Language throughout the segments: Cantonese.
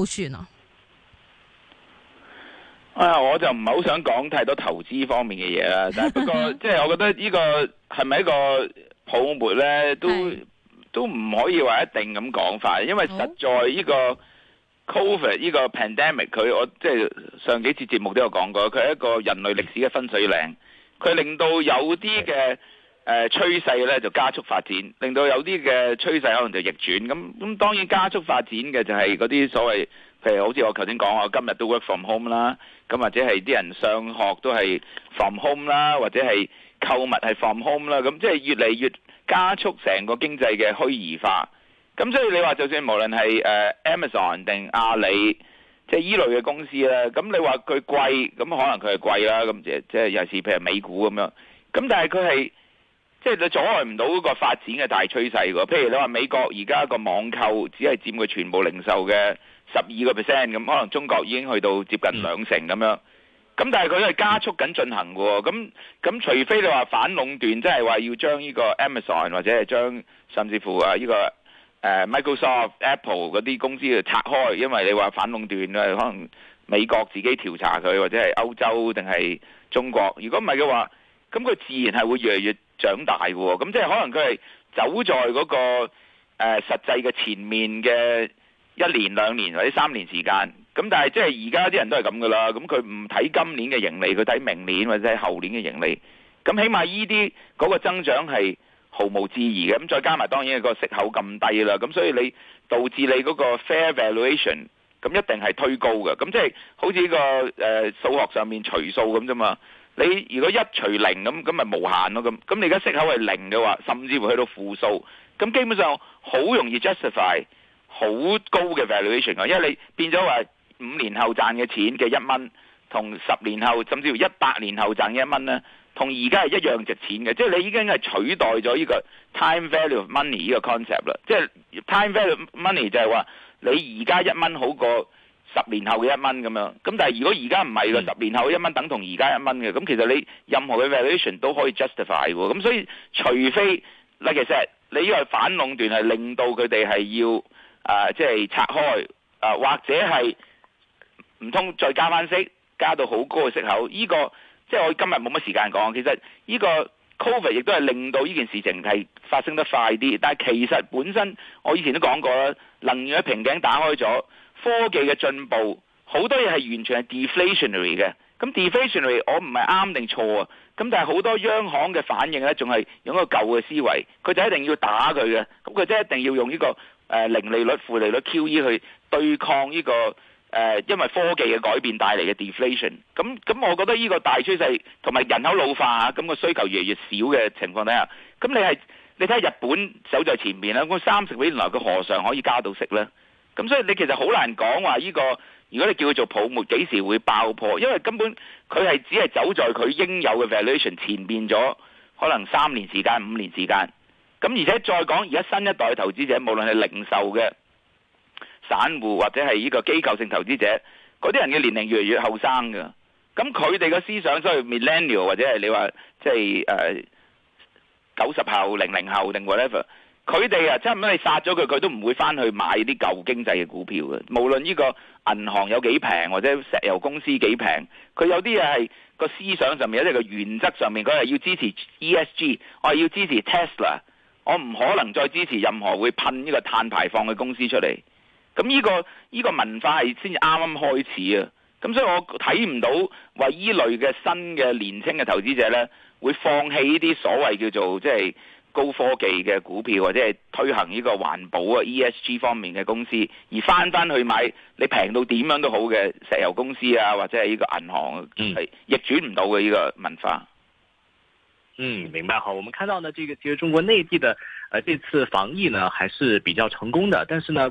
好算啊！啊，我就唔係好想講太多投資方面嘅嘢啦，但 係不過即係、就是、我覺得呢個係咪一個泡沫咧？都都唔可以話一定咁講法，因為實在呢個 COVID 呢個 pandemic，佢我即係上幾次節目都有講過，佢係一個人類歷史嘅分水嶺，佢令到有啲嘅。誒趨勢咧就加速發展，令到有啲嘅趨勢可能就逆轉咁。咁當然加速發展嘅就係嗰啲所謂，譬如好似我頭先講，我今日都 work from home 啦，咁或者係啲人上學都係 from home 啦，或者係購物係 from home 啦。咁即係越嚟越加速成個經濟嘅虛擬化。咁所以你話就算無論係 Amazon 定阿里，即係依類嘅公司咧，咁你話佢貴，咁可能佢係貴啦。咁即係尤其是譬如美股咁樣。咁但係佢係。即係你阻礙唔到嗰個發展嘅大趨勢喎。譬如你話美國而家個網購只係佔佢全部零售嘅十二個 percent，咁可能中國已經去到接近兩成咁樣。咁但係佢都係加速緊進行喎。咁咁除非你話反壟斷，即係話要將呢個 Amazon 或者係將甚至乎啊、這、呢個、呃、Microsoft、Apple 嗰啲公司去拆開，因為你話反壟斷，可能美國自己調查佢，或者係歐洲定係中國。如果唔係嘅話，咁佢自然係會越嚟越。長大嘅喎，咁即係可能佢係走在嗰個誒實際嘅前面嘅一年兩年或者三年時間，咁但係即係而家啲人都係咁噶啦，咁佢唔睇今年嘅盈利，佢睇明年或者係後年嘅盈利，咁起碼依啲嗰個增長係毫無置疑嘅，咁再加埋當然個息口咁低啦，咁所以你導致你嗰個 fair valuation 咁一定係推高嘅，咁即係好似依個誒數學上面除數咁啫嘛。你如果一除零咁，咁咪無限咯咁。咁你而家息口係零嘅話，甚至乎去到負數，咁基本上好容易 justify 好高嘅 valuation 啊。因為你變咗話五年後賺嘅錢嘅一蚊，同十年後甚至乎一百年後賺一蚊咧，同而家係一樣值錢嘅。即係你已經係取代咗呢個 time value of money 呢個 concept 啦。即係 time value of money 就係話你而家一蚊好過。十年後嘅一蚊咁樣，咁但係如果而家唔係㗎，十年後嘅一蚊等同而家一蚊嘅，咁其實你任何嘅 valuation 都可以 justify 喎。咁所以除非，嗱，其實你呢個反壟斷係令到佢哋係要即係、呃就是、拆開啊、呃，或者係唔通再加翻息，加到好高嘅息口？呢、這個即係、就是、我今日冇乜時間講。其實呢個 COVID 亦都係令到呢件事情係發生得快啲。但係其實本身我以前都講過啦，能源嘅瓶頸打開咗。科技嘅進步，好多嘢係完全係 deflationary 嘅。咁 deflationary 我唔係啱定錯啊。咁但係好多央行嘅反應呢，仲係用一個舊嘅思維，佢就一定要打佢嘅。咁佢即係一定要用呢、這個誒、呃、零利率、負利率 QE 去對抗呢、這個誒、呃，因為科技嘅改變帶嚟嘅 deflation。咁咁，我覺得呢個大趨勢同埋人口老化啊，咁、那個需求越嚟越少嘅情況底下，咁你係你睇日本走在前面啦，咁三、十幾年來佢何嘗可以加到息呢？咁所以你其實好難講話呢個，如果你叫佢做泡沫，幾時會爆破？因為根本佢係只係走在佢應有嘅 valuation 前面咗，可能三年時間、五年時間。咁而且再講而家新一代嘅投資者，無論係零售嘅散戶或者係呢個機構性投資者，嗰啲人嘅年齡越嚟越後生㗎。咁佢哋嘅思想，所謂 millennial 或者係你話即係誒九十後、零零後定 whatever。佢哋啊，真係唔通你殺咗佢，佢都唔會翻去買啲舊經濟嘅股票嘅。無論呢個銀行有幾平，或者石油公司幾平，佢有啲嘢係個思想上面，有、那、啲個原則上面，佢係要支持 ESG，我係要支持 Tesla，我唔可能再支持任何會噴呢個碳排放嘅公司出嚟。咁呢、呢個呢、呢個文化係先啱啱開始啊。咁所以我睇唔到話呢類嘅新嘅年輕嘅投資者呢，會放棄呢啲所謂叫做即係。高科技嘅股票或者係推行呢個環保啊 ESG 方面嘅公司，而翻返去買你平到點樣都好嘅石油公司啊，或者係呢個銀行，係逆轉唔到嘅呢個文化。嗯，明白。好，我們看到呢，這個其實，就是，中國內地的，誒、呃，這次防疫呢，還是比較成功的，但是呢。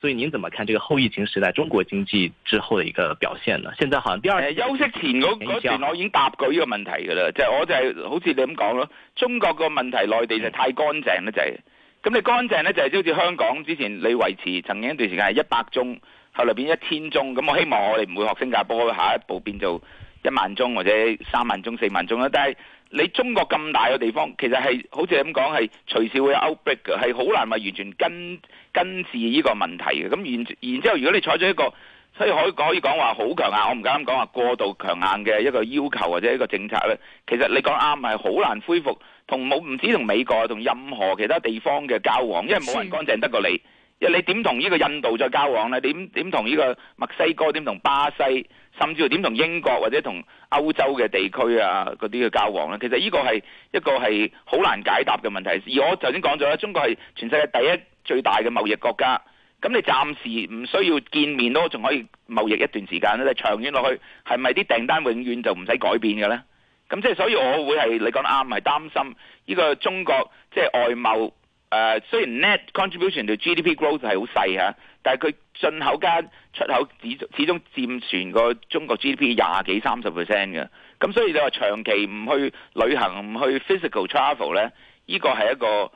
所以您怎麼看這個後疫情時代中國經濟之後的一個表現呢？現在好像第二休息前嗰嗰段我已經答過呢個問題噶啦，就是，我就係、是、好似你咁講咯，中國個問題內地就太乾淨咧，就係咁你乾淨呢就係即係好似香港之前你維持曾經一段時間係一百宗，後來變一千宗，咁我希望我哋唔會學新加坡下一步變做一萬宗或者三萬宗四萬宗啦，但係，你中國咁大嘅地方，其實係好似咁講係隨時會有 outbreak 嘅，係好難話完全根根治呢個問題嘅。咁然然之後，如果你採取一個，所以可以可以講話好強硬，我唔敢講話過度強硬嘅一個要求或者一個政策咧。其實你講啱，係好難恢復，同冇唔止同美國同任何其他地方嘅交往，因為冇人乾淨得過你。你點同呢個印度再交往咧？點點同呢個墨西哥？點同巴西？甚至乎點同英國或者同歐洲嘅地區啊嗰啲嘅交往咧？其實呢個係一個係好難解答嘅問題。而我頭先講咗啦，中國係全世界第一最大嘅貿易國家。咁你暫時唔需要見面囉，仲可以貿易一段時間咧。長遠落去係咪啲訂單永遠就唔使改變嘅咧？咁即係所以，我會係你講得啱，係擔心呢個中國即係外貿。誒、uh, 雖然 net contribution to GDP growth 係好細、啊、但係佢進口間出口始始終佔全個中國 GDP 廿幾三十 percent 嘅，咁所以你話長期唔去旅行唔去 physical travel 咧，呢、呢個係一個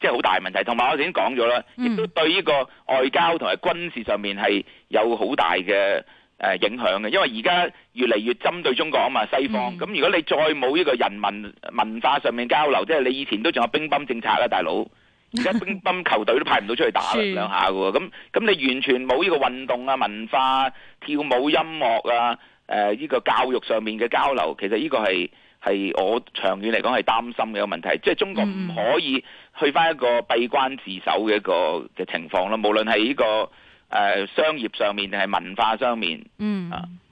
即係好大問題。同埋我已經講咗啦，亦都對呢個外交同埋軍事上面係有好大嘅影響嘅，因為而家越嚟越針對中國嘛，西方。咁如果你再冇呢個人民文化上面交流，即、就、係、係、你以前都仲有乒乓政策啦、啊，大佬。而家乒乓球隊都派唔到出去打兩下嘅，咁咁你完全冇呢個運動啊、文化啊、跳舞、音樂啊、誒呢個教育上面嘅交流，其實呢個係係我長遠嚟講係擔心嘅一個問題，即係中國唔可以去翻一個閉關自守嘅一個嘅情況咯、嗯，無論係呢個誒商業上面定係文化上面，嗯。啊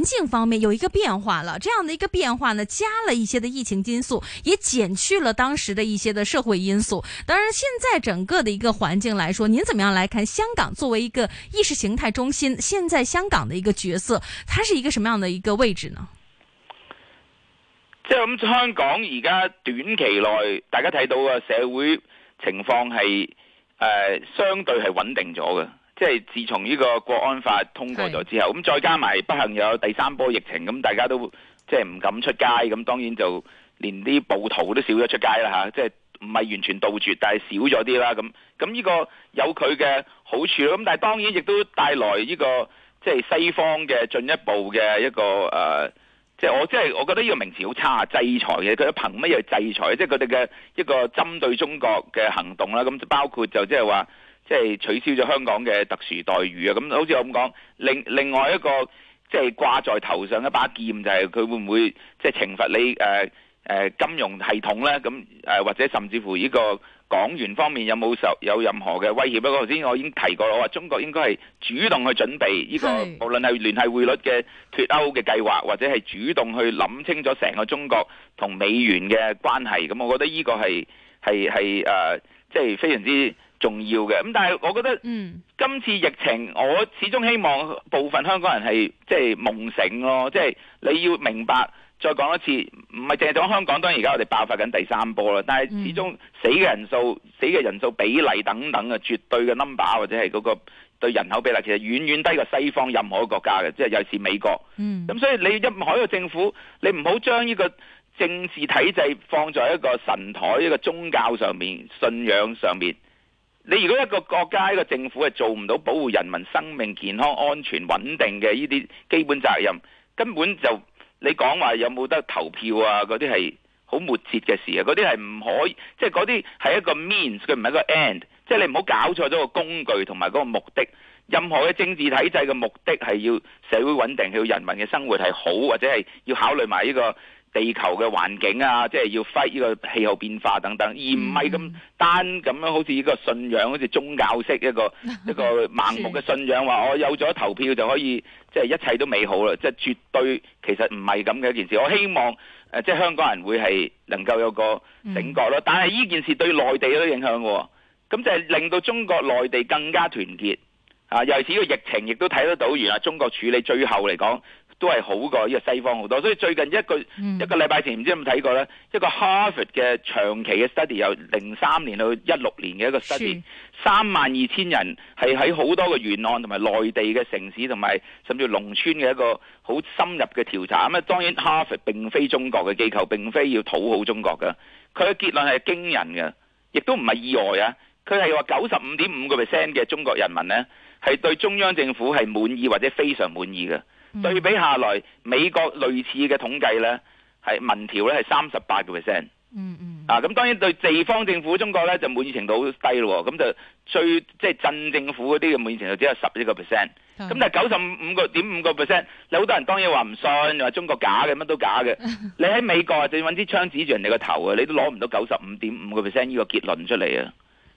環境方面有一個變化了，這樣的一個變化呢，加了一些的疫情因素，也減去了當時的一些的社會因素。當然，現在整個的一個環境來說，您怎麼樣來看？香港作為一個意識形態中心，現在香港的一個角色，它是一個什麼樣的一個位置呢？即係咁，香港而家短期內，大家睇到嘅社會情況係、呃、相對係穩定咗嘅。即係自從呢個國安法通過咗之後，咁再加埋不幸又有第三波疫情，咁大家都即係唔敢出街，咁當然就連啲暴徒都少咗出街啦嚇、啊。即係唔係完全杜絕，但係少咗啲啦。咁咁呢個有佢嘅好處，咁但係當然亦都帶來呢、呢個即係西方嘅進一步嘅一個誒，即、呃、係、即係、我即係、即係、我覺得呢個名詞好差，制裁嘅，佢憑乜嘢制裁？即係佢哋嘅一個針對中國嘅行動啦。咁包括就即係話。即、取消咗香港嘅特殊待遇啊！咁好似我咁講，另另外一個即係掛在頭上一把劍就係佢會唔會即係懲罰你誒誒、呃呃、金融系統咧？咁誒、呃、或者甚至乎呢個港元方面有冇受有任何嘅威脅？不過我頭先我已經提過啦，我話中國應該係主動去準備呢個是無論係聯繫匯率嘅脫鈎嘅計劃或者係主動去諗清楚成個中國同美元嘅關係，咁我覺得呢個係係係誒即係非常之。重要嘅。咁，但係我覺得今次疫情，嗯、我始終希望部分香港人係即係夢醒咯，即、就、係、是就是、你要明白。再講一次，唔係淨係講香港，當然而家我哋爆發緊第三波啦。但係始終死嘅人數、嗯、死嘅人數比例等等嘅絕對嘅 number 或者係嗰個對人口比例，其實遠遠低過西方任何一個國家嘅，即係尤其是美國，嗯，咁所以你任何一個政府，你唔好將呢個政治體制放在一個神台、一個宗教上面、信仰上面。你如果一個國家一個政府係做唔到保護人民生命健康安全穩定嘅呢啲基本責任，根本就你講話有冇得投票啊，嗰啲係好末節嘅事啊！嗰啲係唔可以，即係嗰啲係一個 means，佢唔係一個 end。即係你唔好搞錯咗個工具同埋嗰個目的。任何嘅政治體制嘅目的係要社會穩定，要人民嘅生活係好，或者係要考慮埋呢個。地球嘅環境啊，即係要揮呢個氣候變化等等，而唔係咁單咁樣，好似呢個信仰，好似宗教式一個 一個盲目嘅信仰，話我有咗投票就可以，即係一切都美好啦。即係絕對其實唔係咁嘅一件事。我希望即係香港人會係能夠有個醒覺咯。 但係呢件事對內地都影響喎，咁就係令到中國內地更加團結啊！尤其是呢個疫情，亦都睇得到，原來中國處理最後嚟講。都係好過呢個西方好多，所以最近一個一個禮拜前，唔知有冇睇過呢一個 Harvard 嘅長期嘅 study 由零三年到一六年嘅一個 study，三萬二千人係喺好多嘅沿岸同埋內地嘅城市同埋甚至農村嘅一個好深入嘅調查咁啊。當然 Harvard 並非中國嘅機構，並非要討好中國噶。佢嘅結論係驚人嘅，亦都唔係意外啊。佢係話九十五點五個 percent 嘅中國人民呢，係對中央政府係滿意或者非常滿意嘅。Mm -hmm. 對比下來，美國類似嘅統計呢係民調呢係三十八個 percent。嗯嗯。Mm -hmm. 啊，咁當然對地方政府中國呢就滿意程度好低咯。咁就最即係鎮政府嗰啲嘅滿意程度只有十一個 percent。咁但係九十五個點五個 percent，你好多人當然話唔信，話中國假嘅乜都假嘅。你喺美國就要揾支槍指住人哋個頭啊，你都攞唔到九十五點五個 percent 呢個結論出嚟啊！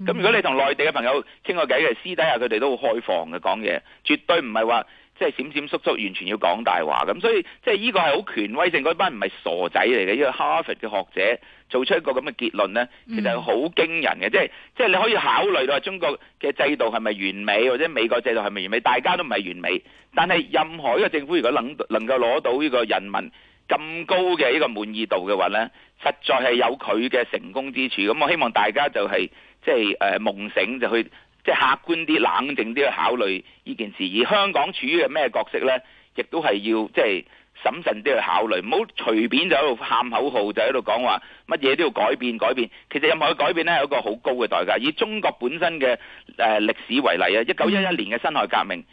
咁如果你同內地嘅朋友傾過偈嘅私底下，佢哋都會開放嘅講嘢，絕對唔係話即係閃閃縮縮縮，完全要講大話咁。所以即係呢個係好權威性，嗰班唔係傻仔嚟嘅。呢個 Harvard 嘅學者做出一個咁嘅結論呢，其實好驚人嘅。即係即係你可以考慮到中國嘅制度係咪完美，或者美國制度係咪完美？大家都唔係完美，但係任何一個政府如果能能夠攞到呢個人民咁高嘅呢個滿意度嘅話呢，實在係有佢嘅成功之處。咁我希望大家就係、是。即係誒夢醒就去即係、就是、客觀啲、冷靜啲去考慮呢件事，而香港處於嘅咩角色呢？亦都係要即係、就是、審慎啲去考慮，唔好隨便就喺度喊口號，就喺度講話乜嘢都要改變改變。其實任何改變呢，有一個好高嘅代價。以中國本身嘅誒、呃、歷史為例啊，一九一一年嘅辛亥革命，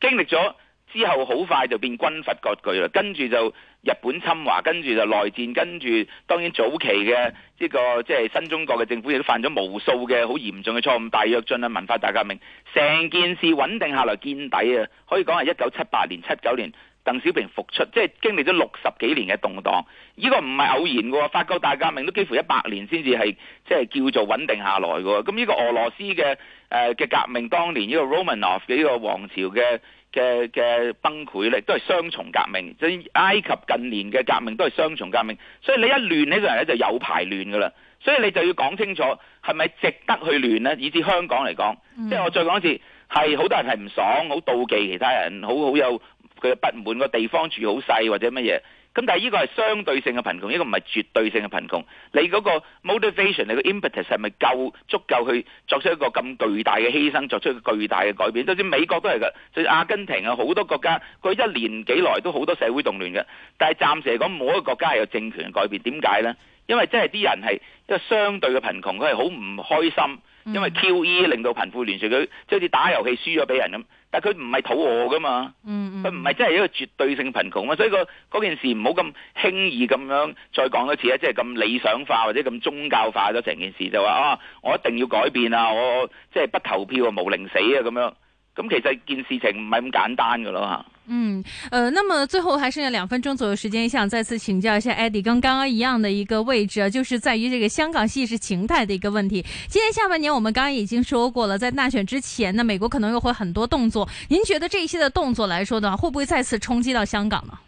經歷咗之後，好快就變軍閥割據啦，跟住就。日本侵華，跟住就內戰，跟住當然早期嘅呢個即係新中國嘅政府亦都犯咗無數嘅好嚴重嘅錯誤。大躍進啊，文化大革命，成件事穩定下來見底啊，可以講係一九七八年、七九年，鄧小平復出，即係經歷咗六十幾年嘅動盪，呢個唔係偶然喎。法國大革命都幾乎一百年先至係即係叫做穩定下來喎。咁呢個俄羅斯嘅誒嘅革命，當年呢個 Romanoff 呢個皇朝嘅嘅嘅崩潰咧，都係雙重革命。即係埃及近年嘅革命都係雙重革命，所以你一亂，呢個人咧就有排亂㗎喇。所以你就要講清楚，係咪值得去亂呢？以至香港嚟講，嗯、即係我再講一次，係好多人係唔爽，好妒忌其他人，好好有佢不滿個地方住好細或者乜嘢。咁但係呢個係相對性嘅貧窮，呢個唔係絕對性嘅貧窮。你嗰個 motivation，你個 impetus 係咪夠足夠去作出一個咁巨大嘅犧牲，作出一個巨大嘅改變？就算美國都係噶，甚至阿根廷啊好多國家，佢一年幾來都好多社會動亂嘅。但係暫時嚟講，冇一個國家係有政權嘅改變。點解呢？因為真係啲人係一個相對嘅貧窮，佢係好唔開心。因為 Q.E. 令到貧富懸殊，佢即係好似打遊戲輸咗俾人咁。但係佢唔係肚餓噶嘛，佢唔係真係一個絕對性貧窮啊。所以個件事唔好咁輕易咁樣再講多次啊，即係咁理想化或者咁宗教化咗成件事，就話啊，我一定要改變啊，我即係不投票啊，無寧死啊咁樣。咁其實件事情唔係咁簡單嘅咯。嗯，呃，那麼最後還剩下兩分鐘左右時間，想再次請教一下 Eddie，跟剛剛一樣嘅一個位置，就是在於這個香港氣勢情態的一個問題。今年下半年我們剛剛已經說過了，在大選之前，呢美國可能又會有很多動作。您覺得這些嘅動作來說的話會不會再次衝擊到香港呢？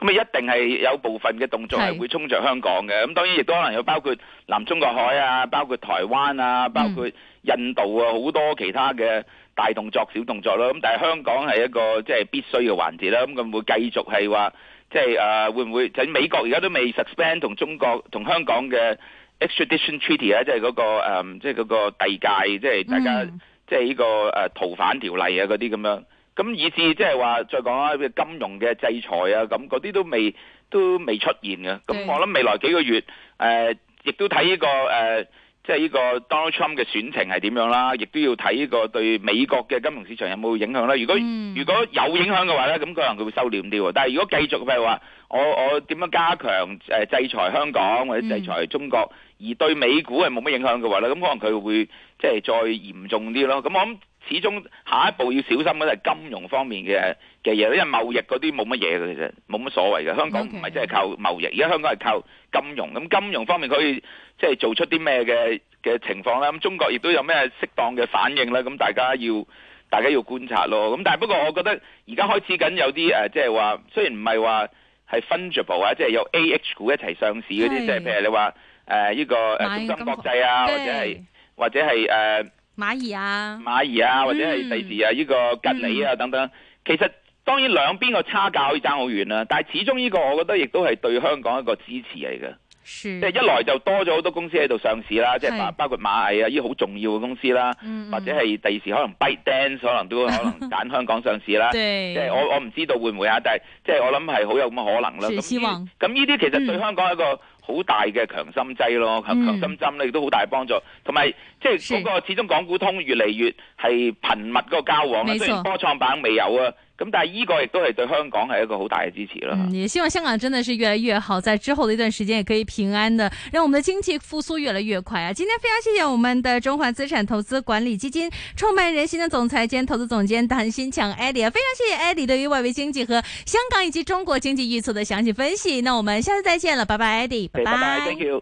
咁咪一定係有部分嘅動作係會衝著香港嘅，咁當然亦都可能有包括南中國海啊，包括台灣啊，包括印度啊，好多其他嘅大動作、小動作咯。咁但係香港係一個即係必須嘅環節啦。咁佢會繼續係話即係誒，會唔會喺美國而家都未 suspend 同中國、同香港嘅 extradition treaty 啊？即係嗰個誒，即係嗰個遞解，即係大家即係呢個誒逃犯條例啊嗰啲咁樣。咁以至即係話，再講啊，金融嘅制裁啊，咁嗰啲都未都未出現嘅。咁我諗未來幾個月，誒，亦都睇呢個誒，即係呢個 Donald Trump 嘅選情係點樣啦，亦都要睇呢個對美國嘅金融市場有冇影響啦。如果如果有影響嘅話咧，咁可能佢會收斂啲喎。但係如果繼續譬如話，我我點樣加強誒制裁香港或者制裁中國，而對美股係冇乜影響嘅話咧，咁可能佢會即係再嚴重啲咯。咁我諗。始終下一步要小心嘅係金融方面嘅嘅嘢，因為貿易嗰啲冇乜嘢嘅其實，冇乜所謂嘅。香港唔係真係靠貿易，而、okay. 家香港係靠金融。咁金融方面可以即係、就是、做出啲咩嘅嘅情況啦？咁中國亦都有咩適當嘅反應咧？咁大家要大家要觀察咯。咁但係不過，我覺得而家開始緊有啲誒，即係話雖然唔係話係 fungible 啊，即、就、係、是、有 A H 股一齊上市嗰啲，即係譬如你話誒呢個中芯國際啊，或者係或者係誒。呃螞蟻啊，螞蟻啊，或者係第二時啊，呢、這個吉利啊等等，嗯、其實當然兩邊個差價可以爭好遠啦。但係始終呢個我覺得亦都係對香港一個支持嚟嘅，即係、就是、一來就多咗好多公司喺度上市啦，即係包括螞蟻啊呢啲好重要嘅公司啦，嗯、或者係第二時可能 ByteDance 可能都可能揀香港上市啦，即 係、呃、我我唔知道會唔會啊，但係即係我諗係好有咁嘅可能啦。咁呢咁呢啲其實對香港一個。嗯好大嘅強心劑咯，強強心針咧，亦都好大幫助，同埋即係嗰個始終港股通越嚟越係頻密嗰個交往啦，雖然波創板未有啊。咁但係呢個亦都係對香港係一個好大嘅支持啦，嗯。也希望香港真的是越來越好，在之後的一段時間也可以平安的，讓我們的經濟復甦越來越快啊！今天非常謝謝我們的中環資產投資管理基金創辦人兼總裁兼投資總監譚新強 Eddie 啊，非常謝謝 Eddie 對於外圍經濟和香港以及中國經濟預測的詳細分析。那我們下次再見了拜拜，Eddie 拜拜，Thank you。